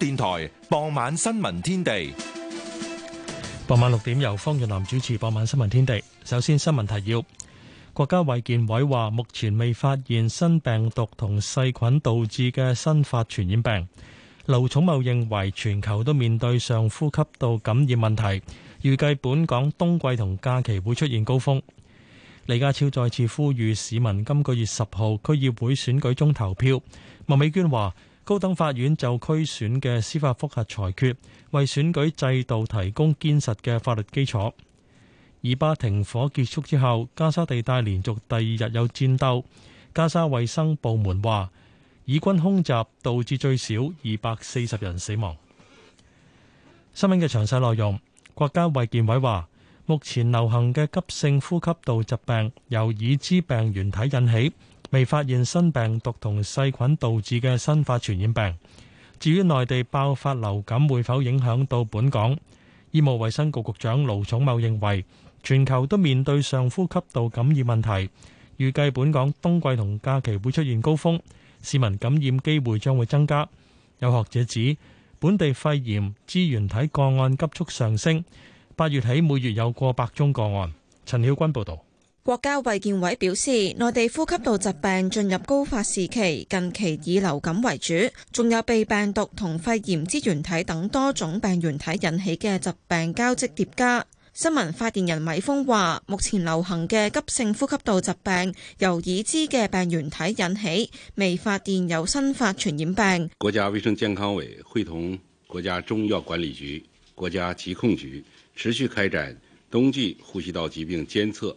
電台傍晚新聞天地，傍晚六點由方潤南主持。傍晚新聞天地，首先新聞提要。國家衛健委話，目前未發現新病毒同細菌導致嘅新發傳染病。盧寵茂認為，全球都面對上呼吸道感染問題，預計本港冬季同假期會出現高峰。李家超再次呼籲市民今個月十號區議會選舉中投票。麥美娟話。高等法院就區選嘅司法複核裁決，為選舉制度提供堅實嘅法律基礎。以巴停火結束之後，加沙地帶連續第二日有戰鬥。加沙衛生部門話，以軍空襲導，導致最少二百四十人死亡。新聞嘅詳細內容，國家衛健委話，目前流行嘅急性呼吸道疾病由已知病原體引起。未發現新病毒同細菌導致嘅新發傳染病。至於內地爆發流感會否影響到本港？醫務衛生局局長盧寵茂認為，全球都面對上呼吸道感染問題，預計本港冬季同假期會出現高峰，市民感染機會將會增加。有學者指，本地肺炎支原體個案急速上升，八月起每月有過百宗個案。陳曉君報導。國家衛健委表示，內地呼吸道疾病進入高發時期，近期以流感為主，仲有被病毒同肺炎支原體等多種病原體引起嘅疾病交織疊加。新聞發言人米鋒話：目前流行嘅急性呼吸道疾病由已知嘅病原體引起，未發現有新發傳染病。國家衛生健康委會同國家中醫藥管理局、國家疾控局持續開展冬季呼吸道疾病監測。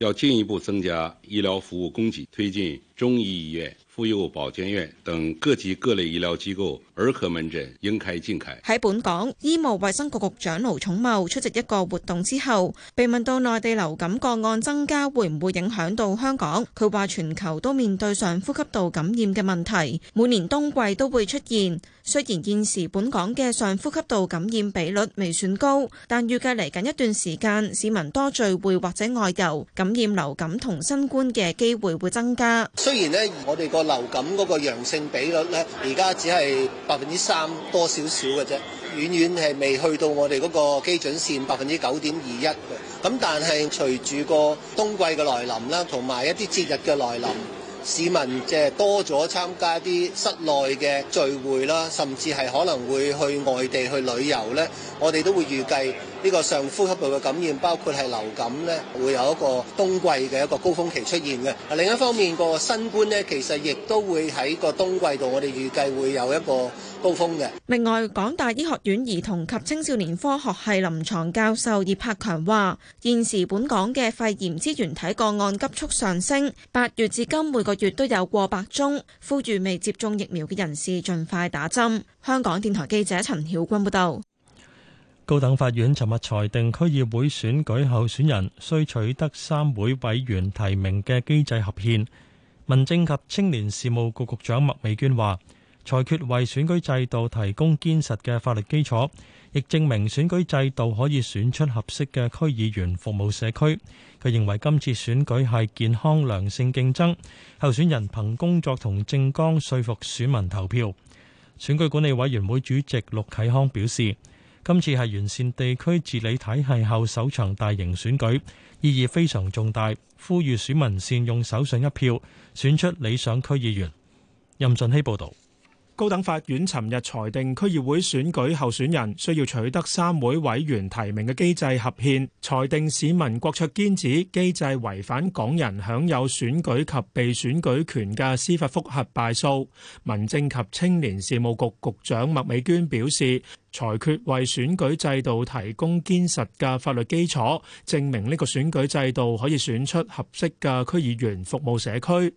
要進一步增加醫療服務供給，推進中醫醫院、婦幼保健院等各級各類醫療機構兒科門診應開盡開。喺本港，醫務衛生局局長盧寵茂出席一個活動之後，被問到內地流感個案增加會唔會影響到香港，佢話全球都面對上呼吸道感染嘅問題，每年冬季都會出現。雖然現時本港嘅上呼吸道感染比率未算高，但預計嚟緊一段時間，市民多聚會或者外遊感染流感同新冠嘅機會會增加。雖然咧，我哋個流感嗰個陽性比率咧，點點而家只係百分之三多少少嘅啫，遠遠係未去到我哋嗰個基準線百分之九點二一嘅。咁但係隨住個冬季嘅來臨啦，同埋一啲節日嘅來臨，市民即係多咗參加一啲室內嘅聚會啦，甚至係可能會去外地去旅遊咧，我哋都會預計。呢個上呼吸道嘅感染，包括係流感呢會有一個冬季嘅一個高峰期出現嘅。另一方面，個新冠呢其實亦都會喺個冬季度，我哋預計會有一個高峰嘅。另外，港大醫學院兒童及青少年科學系臨床教授葉柏強話：現時本港嘅肺炎支原體個案急速上升，八月至今每個月都有過百宗，呼籲未接種疫苗嘅人士盡快打針。香港電台記者陳曉君報導。高等法院尋日裁定，區議會選舉候選人須取得三會委員提名嘅機制合憲。民政及青年事務局局長麥美娟話，裁決為選舉制度提供堅實嘅法律基礎，亦證明選舉制度可以選出合適嘅區議員服務社區。佢認為今次選舉係健康良性競爭，候選人憑工作同政綱說服選民投票。選舉管理委員會主席陸啟康表示，今次係完善地區治理體系後首場大型選舉，意義非常重大，呼籲選民善用手上一票，選出理想區議員。任俊熙報導。高等法院尋日裁定，區議會選舉候選人需要取得三會委員提名嘅機制合憲，裁定市民郭卓堅指機制違反港人享有選舉及被選舉權嘅司法覆核敗訴。民政及青年事務局局局長麥美娟表示，裁決為選舉制度提供堅實嘅法律基礎，證明呢個選舉制度可以選出合適嘅區議員服務社區。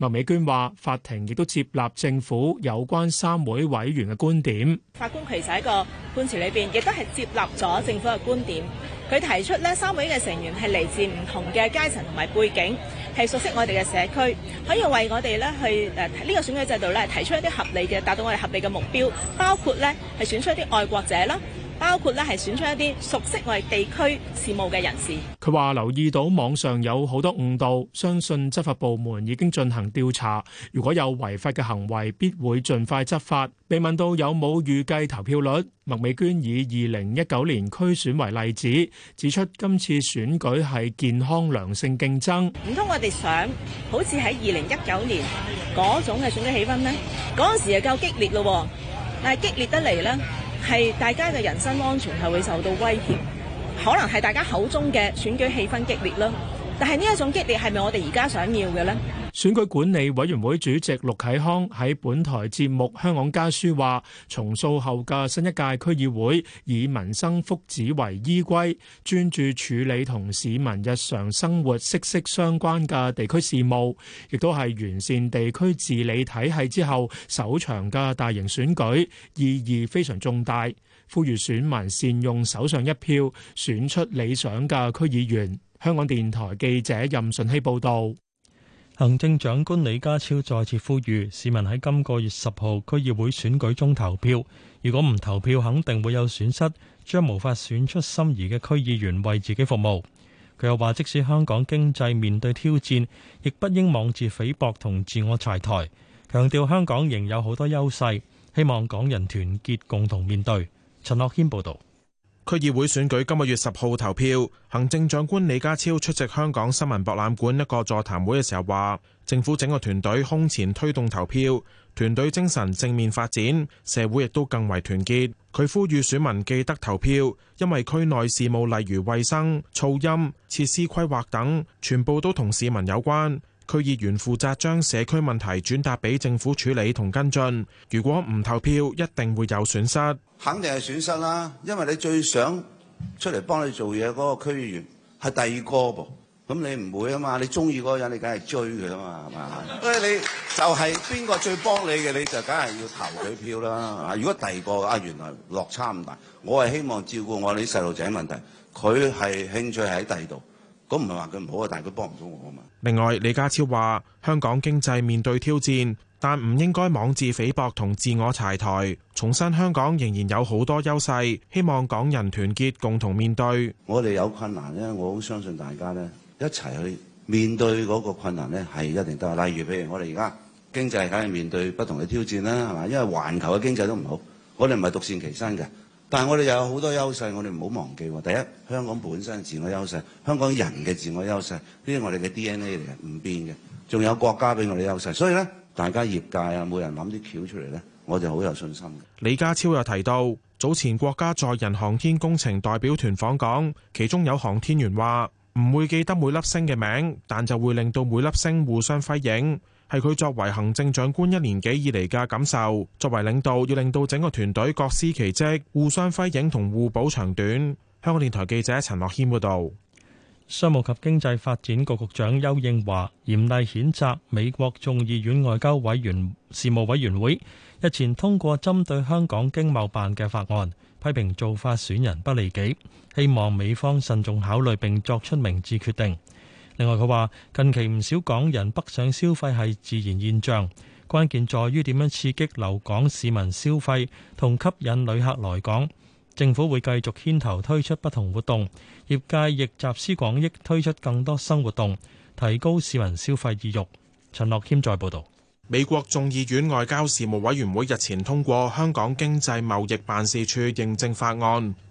麥美娟話：法庭亦都接納政府有關三會委員嘅觀點。法官其實喺個判詞裏邊，亦都係接納咗政府嘅觀點。佢提出咧，三位嘅成員係嚟自唔同嘅階層同埋背景，係熟悉我哋嘅社區，可以為我哋咧去誒呢、呃這個選舉制度咧提出一啲合理嘅，達到我哋合理嘅目標，包括咧係選出一啲愛國者啦。包括咧，係選出一啲熟悉我哋地區事務嘅人士。佢話留意到網上有好多誤導，相信執法部門已經進行調查。如果有違法嘅行為，必會盡快執法。被問到有冇預計投票率，麥美娟以二零一九年區選為例子，指出今次選舉係健康良性競爭。唔通我哋想好似喺二零一九年嗰種嘅選舉氣氛呢，嗰陣時就夠激烈咯，但係激烈得嚟呢。係大家嘅人身安全係會受到威脅，可能係大家口中嘅選舉氣氛激烈囉。但係呢一種激烈係咪我哋而家想要嘅咧？選舉管理委員會主席陸啟康喺本台節目《香港家書》話：重塑後嘅新一屆區議會以民生福祉為依歸，專注處理同市民日常生活息息相關嘅地區事務，亦都係完善地區治理體系之後首場嘅大型選舉，意義非常重大。呼籲選民善用手上一票，選出理想嘅區議員。香港電台記者任順熙報道，行政長官李家超再次呼籲市民喺今個月十號區議會選舉中投票，如果唔投票，肯定會有損失，將無法選出心儀嘅區議員為自己服務。佢又話，即使香港經濟面對挑戰，亦不應妄自菲薄同自我柴台，強調香港仍有好多優勢，希望港人團結，共同面對。陳樂謙報道。區議會選舉今個月十號投票，行政長官李家超出席香港新聞博覽館一個座談會嘅時候話，政府整個團隊空前推動投票，團隊精神正面發展，社會亦都更為團結。佢呼籲選民記得投票，因為區內事務，例如衛生、噪音、設施規劃等，全部都同市民有關。區議員負責將社區問題轉達俾政府處理同跟進。如果唔投票，一定會有損失。肯定係損失啦，因為你最想出嚟幫你做嘢嗰個區議員係第二個噃。咁你唔會啊嘛？你中意嗰個人，你梗係追佢啊嘛？係嘛？所以 你就係邊個最幫你嘅，你就梗係要投佢票啦。如果第二個啊，原來落差咁大，我係希望照顧我哋啲細路仔問題，佢係興趣喺第二度。咁唔係話佢唔好啊，但係佢幫唔到我啊嘛。另外，李家超話：香港經濟面對挑戰，但唔應該妄自菲薄同自我柴台。重申香港仍然有好多優勢，希望港人團結，共同面對。我哋有困難咧，我好相信大家咧，一齊去面對嗰個困難咧，係一定得。例如，譬如我哋而家經濟梗係面對不同嘅挑戰啦，係嘛？因為環球嘅經濟都唔好，我哋唔係獨善其身嘅。但係我哋有好多優勢，我哋唔好忘記喎。第一，香港本身自我優勢，香港人嘅自我優勢，呢啲我哋嘅 D N A 嚟嘅，唔變嘅。仲有國家俾我哋優勢，所以咧，大家業界啊，每人諗啲橋出嚟咧，我就好有信心。李家超又提到，早前國家載人航天工程代表團訪港，其中有航天員話唔會記得每粒星嘅名，但就會令到每粒星互相輝映。係佢作為行政長官一年幾以嚟嘅感受，作為領導要令到整個團隊各司其職，互相輝映同互補長短。香港電台記者陳樂軒報導。商務及經濟發展局局長丘應樺嚴厲譴責美國眾議院外交委員事務委員會日前通過針對香港經貿辦嘅法案，批評做法損人不利己，希望美方慎重考慮並作出明智決定。另外，佢話近期唔少港人北上消費係自然現象，關鍵在於點樣刺激留港市民消費同吸引旅客來港。政府會繼續牽頭推出不同活動，業界亦集思廣益推出更多新活動，提高市民消費意欲。陳樂謙再報導。美國眾議院外交事務委員會日前通過《香港經濟貿易辦事處認證法案》，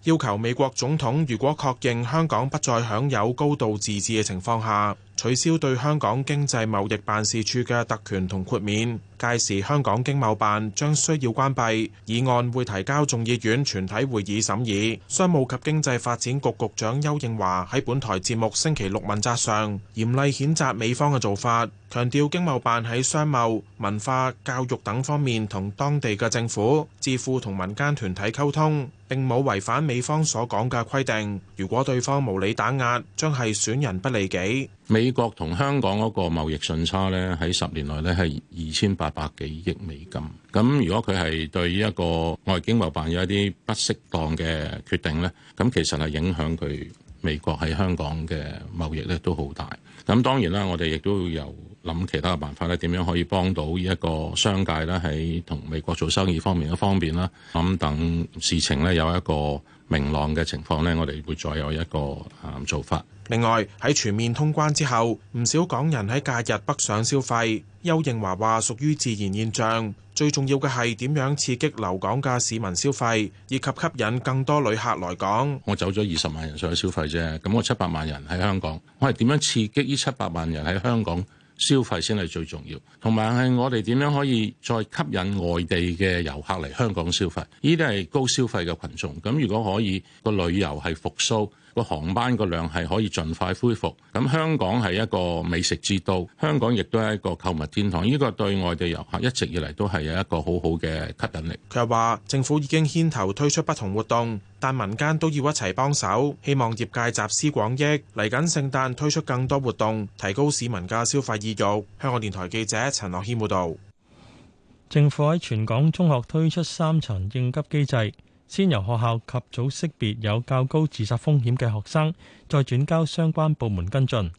要求美國總統如果確認香港不再享有高度自治嘅情況下，取消對香港經濟貿易辦事處嘅特權同豁免，屆時香港經貿辦將需要關閉。議案會提交眾議院全體會議審議。商務及經濟發展局局長邱應華喺本台節目星期六問責上嚴厲譴責美方嘅做法，強調經貿辦喺商貿、文化、教育等方面同當地嘅政府、智庫同民間團體溝通。並冇違反美方所講嘅規定。如果對方無理打壓，將係損人不利己。美國同香港嗰個貿易順差咧，喺十年內咧係二千八百幾億美金。咁如果佢係對於一個外經貿辦有一啲不適當嘅決定咧，咁其實係影響佢美國喺香港嘅貿易咧都好大。咁當然啦，我哋亦都有。諗其他嘅辦法咧，點樣可以幫到呢一個商界咧？喺同美國做生意方面嘅方便啦，咁等事情咧有一個明朗嘅情況咧，我哋會再有一個啊做法。另外喺全面通關之後，唔少港人喺假日北上消費。邱應華話：屬於自然現象，最重要嘅係點樣刺激留港嘅市民消費，以及吸引更多旅客來港。我走咗二十萬人上去消費啫，咁我七百萬人喺香港，我係點樣刺激呢七百萬人喺香港？消費先係最重要，同埋係我哋點樣可以再吸引外地嘅遊客嚟香港消費。呢啲係高消費嘅群眾，咁如果可以，個旅遊係復甦。個航班個量係可以盡快恢復，咁香港係一個美食之都，香港亦都係一個購物天堂，呢個對外地遊客一直以嚟都係有一個好好嘅吸引力。佢又話政府已經牽頭推出不同活動，但民間都要一齊幫手，希望業界集思廣益，嚟緊聖誕推出更多活動，提高市民嘅消費意欲。香港電台記者陳樂謙報道。政府喺全港中學推出三層應急機制，先由學校及早識別有較高自殺風險嘅學生，再轉交相關部門跟進。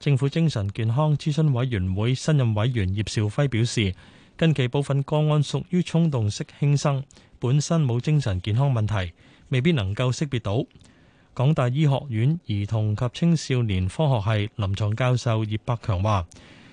政府精神健康諮詢委員會新任委員葉兆輝表示，近期部分個案屬於衝動式輕生，本身冇精神健康問題，未必能夠識別到。港大醫學院兒童及青少年科學系臨床教授葉柏強話：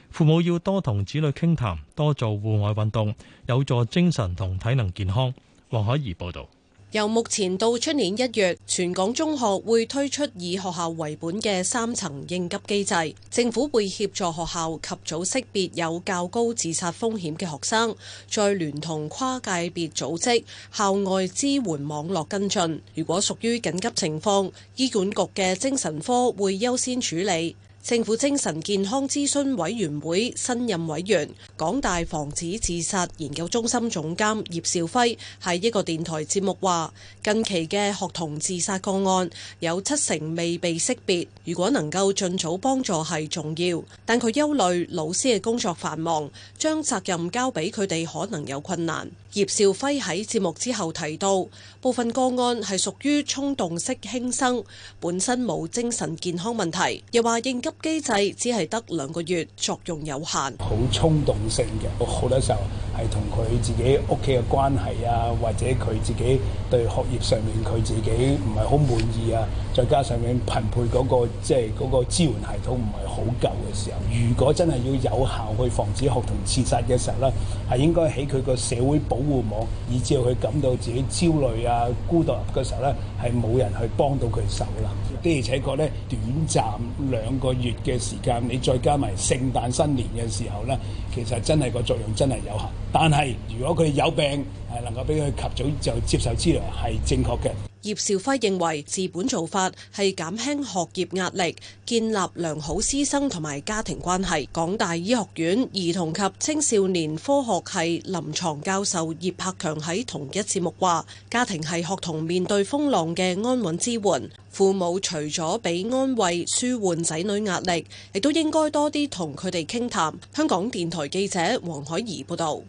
父母要多同子女傾談，談，多做戶外運動，有助精神同體能健康。黃海怡報導。由目前到出年一月，全港中學會推出以學校為本嘅三層應急機制。政府會協助學校及早識別有較高自殺風險嘅學生，再聯同跨界別組織、校外支援網絡跟進。如果屬於緊急情況，醫管局嘅精神科會優先處理。政府精神健康諮詢委員會新任委員、港大防止自殺研究中心總監葉兆輝喺一個電台節目話：近期嘅學童自殺個案有七成未被識別，如果能夠盡早幫助係重要，但佢憂慮老師嘅工作繁忙，將責任交俾佢哋可能有困難。葉兆輝喺節目之後提到，部分個案係屬於衝動式輕生，本身冇精神健康問題，又話應急機制只係得兩個月，作用有限。好衝動性嘅，好多時候。係同佢自己屋企嘅關係啊，或者佢自己對學業上面佢自己唔係好滿意啊，再加上面匹配嗰個即係嗰個支援系統唔係好夠嘅時候，如果真係要有效去防止學童自殺嘅時候咧，係應該喺佢個社會保護網，以至佢感到自己焦慮啊、孤獨嘅時候咧，係冇人去幫到佢手啦。的而且確咧，短暫兩個月嘅時間，你再加埋聖誕新年嘅時候咧，其實真係個作用真係有限。但係，如果佢有病，係能夠俾佢及早就接受治療，係正確嘅。葉兆輝認為，治本做法係減輕學業壓力，建立良好師生同埋家庭關係。港大醫學院兒童及青少年科學系臨床教授葉柏強喺同一節目話，家庭係學童面對風浪嘅安穩支援。父母除咗俾安慰舒緩仔女壓力，亦都應該多啲同佢哋傾談。香港電台記者黃海怡報導。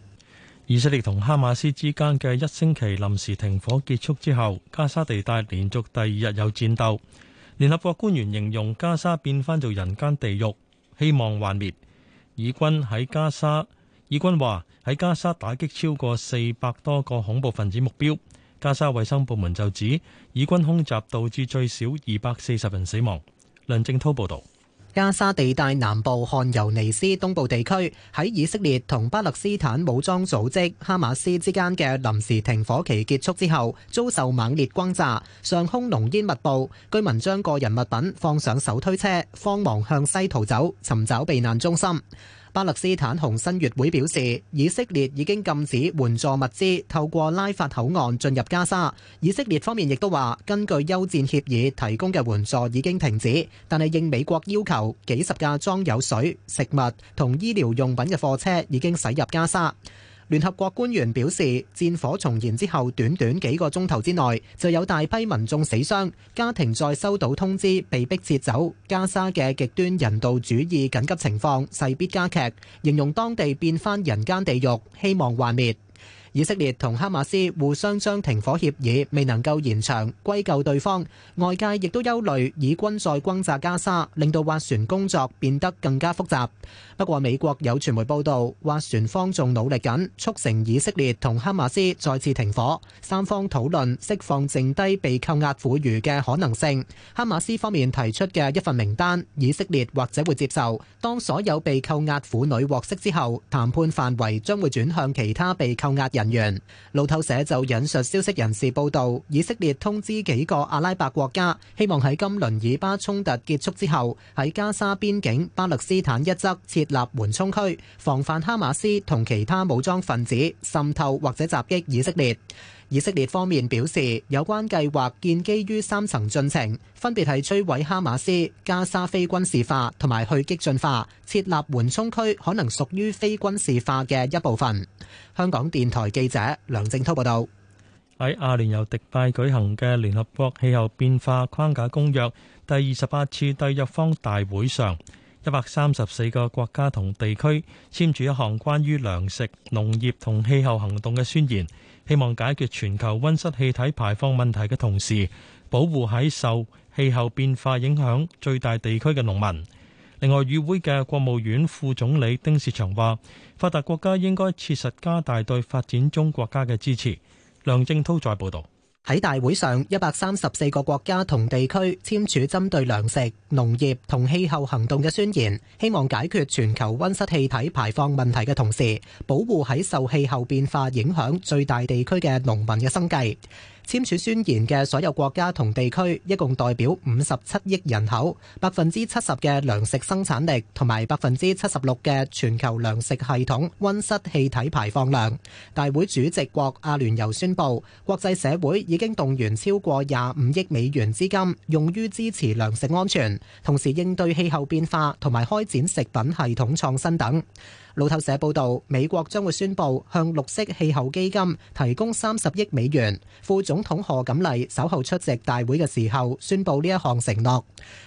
以色列同哈馬斯之間嘅一星期臨時停火結束之後，加沙地帶連續第二日有戰鬥。聯合國官員形容加沙變翻做人間地獄，希望幻滅。以軍喺加沙，以軍話喺加沙打擊超過四百多個恐怖分子目標。加沙衛生部門就指，以軍空襲導致最少二百四十人死亡。梁正濤報道。加沙地帶南部汗尤尼斯東部地區喺以色列同巴勒斯坦武裝組織哈馬斯之間嘅臨時停火期結束之後，遭受猛烈轟炸，上空濃煙密布，居民將個人物品放上手推車，慌忙向西逃走，尋找避難中心。巴勒斯坦紅新月會表示，以色列已經禁止援助物資透過拉法口岸進入加沙。以色列方面亦都話，根據休戰協議提供嘅援助已經停止，但係應美國要求，幾十架裝有水、食物同醫療用品嘅貨車已經駛入加沙。聯合國官員表示，戰火重燃之後，短短幾個鐘頭之內就有大批民眾死傷，家庭再收到通知被迫撤走。加沙嘅極端人道主義緊急情況勢必加劇，形容當地變返人間地獄，希望幻滅。以色列同哈馬斯互相將停火協議未能夠延長歸咎對方，外界亦都憂慮以軍再轟炸加沙，令到斡旋工作變得更加複雜。不過美國有傳媒報道，斡旋方仲努力緊促成以色列同哈馬斯再次停火，三方討論釋放剩低被扣押婦孺嘅可能性。哈馬斯方面提出嘅一份名單，以色列或者會接受。當所有被扣押婦女獲釋之後，談判範圍將會轉向其他被扣押人。人員，路透社就引述消息人士報道，以色列通知幾個阿拉伯國家，希望喺今輪以巴衝突結束之後，喺加沙邊境巴勒斯坦一側設立緩衝區，防範哈馬斯同其他武裝分子滲透或者襲擊以色列。以色列方面表示，有關計劃建基於三層進程，分別係摧毀哈馬斯、加沙非軍事化同埋去激進化，設立緩衝區可能屬於非軍事化嘅一部分。香港電台記者梁正濤報道。喺阿聯酋迪拜舉行嘅聯合國氣候變化框架公約第二十八次締約方大會上，一百三十四個國家同地區簽署一項關於糧食、農業同氣候行動嘅宣言。希望解決全球温室氣體排放問題嘅同時，保護喺受氣候變化影響最大地區嘅農民。另外，與會嘅國務院副總理丁薛祥話，發達國家應該切實加大對發展中國家嘅支持。梁正滔再報道。喺大會上，一百三十四個國家同地區簽署針對糧食、農業同氣候行動嘅宣言，希望解決全球温室氣體排放問題嘅同時，保護喺受氣候變化影響最大地區嘅農民嘅生計。簽署宣言嘅所有國家同地區，一共代表五十七億人口，百分之七十嘅糧食生產力，同埋百分之七十六嘅全球糧食系統溫室氣體排放量。大會主席國阿聯酋宣布，國際社會已經動員超過廿五億美元資金，用於支持糧食安全，同時應對氣候變化，同埋開展食品系統創新等。路透社報道，美國將會宣布向綠色氣候基金提供三十億美元。副總統賀錦麗稍後出席大會嘅時候宣布呢一項承諾。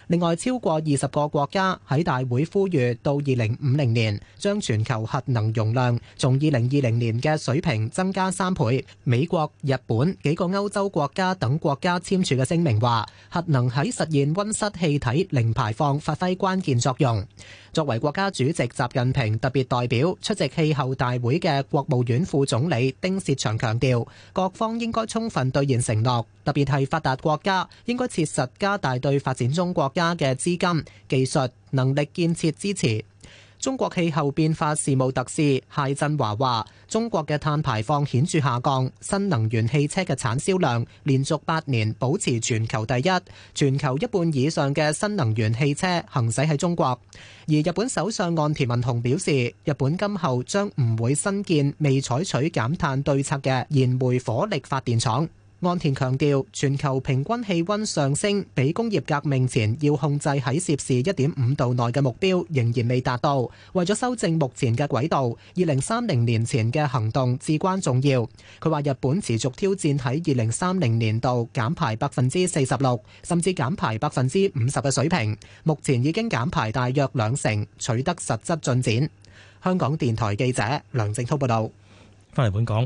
另外，超過二十個國家喺大會呼籲，到二零五零年將全球核能容量從二零二零年嘅水平增加三倍。美國、日本、幾個歐洲國家等國家簽署嘅聲明話，核能喺實現温室氣體零排放發揮關鍵作用。作為國家主席，習近平特別。代表出席氣候大會嘅國務院副總理丁薛祥強調，各方應該充分兌現承諾，特別係發達國家應該切實加大對發展中國家嘅資金、技術能力建設支持。中國氣候變化事務特使謝振華話：中國嘅碳排放顯著下降，新能源汽車嘅產銷量連續八年保持全球第一，全球一半以上嘅新能源汽車行駛喺中國。而日本首相岸田文雄表示，日本今後將唔會新建未採取減碳對策嘅燃煤火力發電廠。岸田強調，全球平均氣温上升比工業革命前要控制喺攝氏一點五度內嘅目標仍然未達到。為咗修正目前嘅軌道，二零三零年前嘅行動至關重要。佢話：日本持續挑戰喺二零三零年度減排百分之四十六，甚至減排百分之五十嘅水平。目前已經減排大約兩成，取得實質進展。香港電台記者梁靜滔報道。翻嚟本港。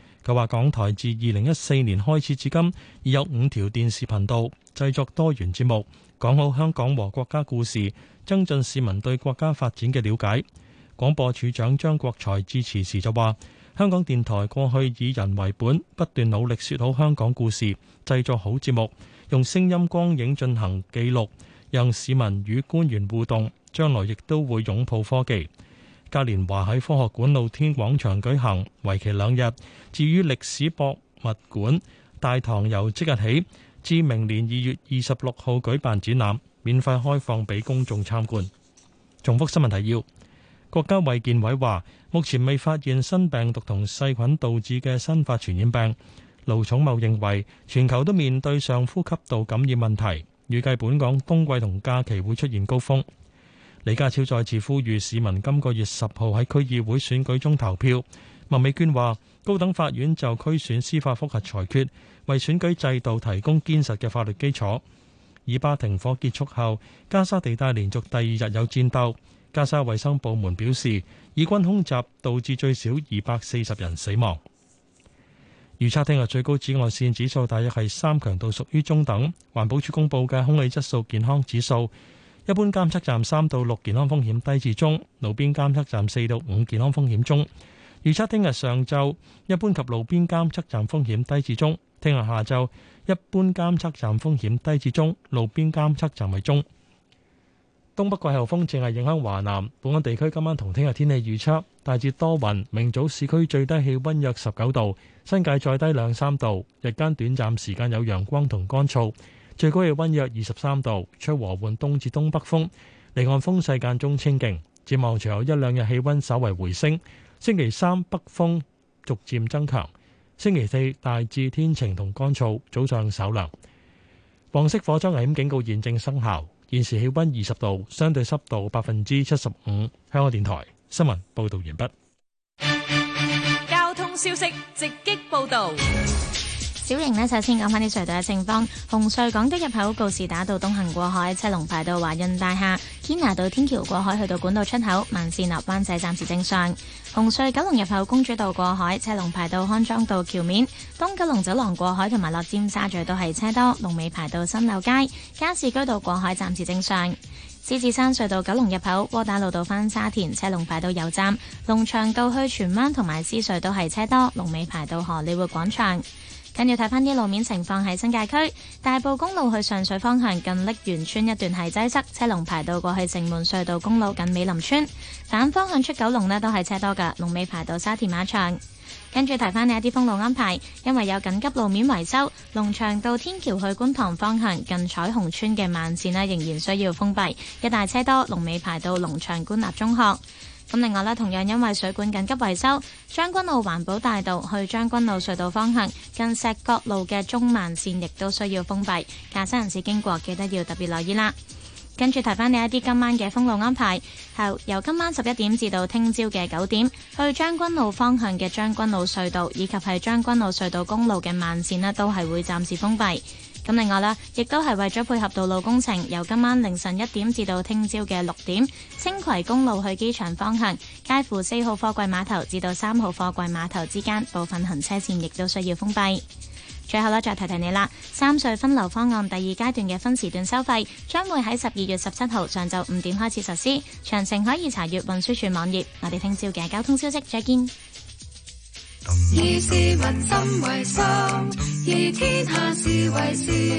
佢話：港台自二零一四年開始至今，已有五條電視頻道製作多元節目，講好香港和國家故事，增進市民對國家發展嘅了解。廣播處長張國財致辭時就話：香港電台過去以人為本，不斷努力說好香港故事，製作好節目，用聲音光影進行記錄，讓市民與官員互動。將來亦都會擁抱科技。嘉年華喺科學館露天廣場舉行，為期兩日。至於歷史博物館大堂，由即日起至明年二月二十六號舉辦展覽，免費開放俾公眾參觀。重複新聞提要：國家衛健委話，目前未發現新病毒同細菌導致嘅新發傳染病。盧寵茂認為，全球都面對上呼吸道感染問題，預計本港冬季同假期會出現高峰。李家超再次呼籲市民今個月十號喺區議會選舉中投票。麥美娟話：高等法院就區選司法覆核裁決，為選舉制度提供堅實嘅法律基礎。以巴停火結束後，加沙地帶連續第二日有戰鬥。加沙衛生部門表示，以軍空襲導致最少二百四十人死亡。預測聽日最高紫外線指數大約係三，強度屬於中等。環保署公布嘅空氣質素健康指數，一般監測站三到六，健康風險低至中，路邊監測站四到五，健康風險中。預測聽日上晝一般及路邊監測站風險低至中，聽日下晝一般監測站風險低至中，路邊監測站為中。東北季候風正係影響華南，本港地區今晚同聽日天氣預測大致多雲，明早市區最低氣溫約十九度，新界再低兩三度，日間短暫時間有陽光同乾燥。最高氣溫約二十三度，吹和緩東至東北風，離岸風勢間中清勁。展望隨後一兩日氣溫稍為回升，星期三北風逐漸增強，星期四大致天晴同乾燥，早上稍涼。黃色火災危險警告現正生效，現時氣溫二十度，相對濕度百分之七十五。香港電台新聞報道完畢。交通消息直擊報道。小型呢，首先講翻啲隧道嘅情況。紅隧港島入口告士打道東行過海，車龍排到華潤大廈；堅拿道天橋過海去到管道出口，慢線落灣仔暫時正常。紅隧九龍入口公主道過海，車龍排到康莊道橋面；東九龍走廊過海同埋落尖沙咀都係車多，龍尾排到新樓街；加士居道過海暫時正常。獅子山隧道九龍入口窩打老道翻沙田，車龍排到油站；龍翔道去荃灣同埋獅隧都係車多，龍尾排到荷里活廣場。跟住要睇翻啲路面情況，喺新界區大埔公路去上水方向近瀝源村一段係擠塞，塞，車龍排到過去城門隧道公路近美林村反方向出九龍呢都係車多噶，龍尾排到沙田馬場。跟住睇翻呢一啲封路安排，因為有緊急路面維修，龍翔道天橋去觀塘方向近彩虹村嘅慢線呢仍然需要封閉，一帶車多，龍尾排到龍翔官立中學。咁另外咧，同樣因為水管緊急維修，將軍澳環保大道去將軍澳隧道方向，近石角路嘅中慢線亦都需要封閉，駕駛人士經過記得要特別留意啦。跟住提翻你一啲今晚嘅封路安排，由由今晚十一點至到聽朝嘅九點，去將軍澳方向嘅將軍澳隧道以及係將軍澳隧道公路嘅慢線咧，都係會暫時封閉。咁另外啦，亦都係為咗配合道路工程，由今晚凌晨一點至到聽朝嘅六點，青葵公路去機場方向，介乎四號貨櫃碼頭至到三號貨櫃碼頭之間部分行車線亦都需要封閉。最後啦，再提提你啦，三隧分流方案第二階段嘅分時段收費將會喺十二月十七號上晝五點開始實施，詳情可以查閱運輸署網頁，我哋聽朝嘅交通消息，再見。以事物心為心，以天下事為事。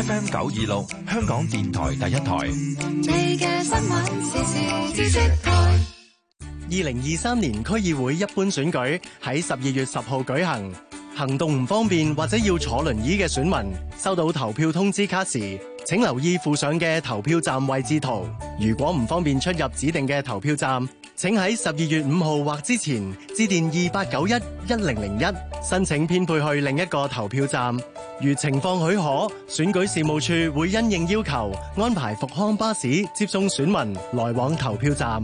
FM 九二六，香港電台第一台。你嘅新聞時時知識台。二零二三年區議會一般選舉喺十二月十號舉行。行動唔方便或者要坐輪椅嘅選民，收到投票通知卡時，請留意附上嘅投票站位置圖。如果唔方便出入指定嘅投票站，請喺十二月五號或之前，致電二八九一一零零一，申請編配去另一個投票站，如情況許可，選舉事務處會因應要求安排復康巴士接送選民來往投票站。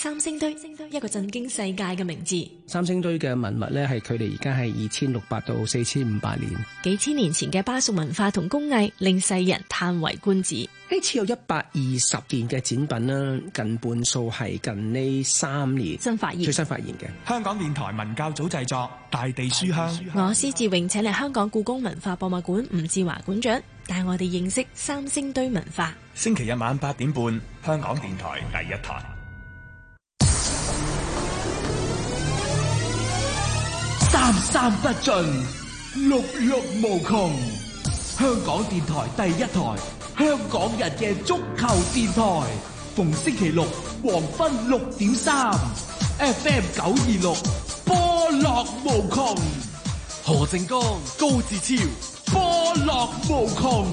三星堆，一個震驚世界嘅名字。三星堆嘅文物咧，係距離而家係二千六百到四千五百年。幾千年前嘅巴蜀文化同工藝，令世人嘆為觀止。呢次有一百二十件嘅展品啦，近半數係近呢三年新發現最新發現嘅。香港電台文教組製作《大地書香》書香。我施志榮請嚟香港故宮文化博物館吳志華館長，帶我哋認識三星堆文化。星期日晚八點半，香港電台第一台。三三不盡，六六無窮。香港電台第一台，香港人嘅足球電台。逢星期六黃昏六點三，FM 九二六，波樂無窮。何靖江、高志超，波樂無窮。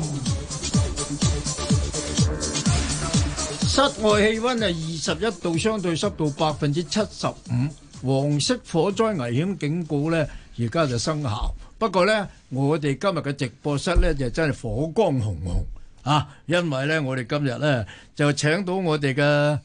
室外氣溫係二十一度，相對濕度百分之七十五。黃色火災危險警告呢，而家就生效。不過呢，我哋今日嘅直播室呢，就真係火光紅紅啊！因為呢，我哋今日呢，就請到我哋嘅。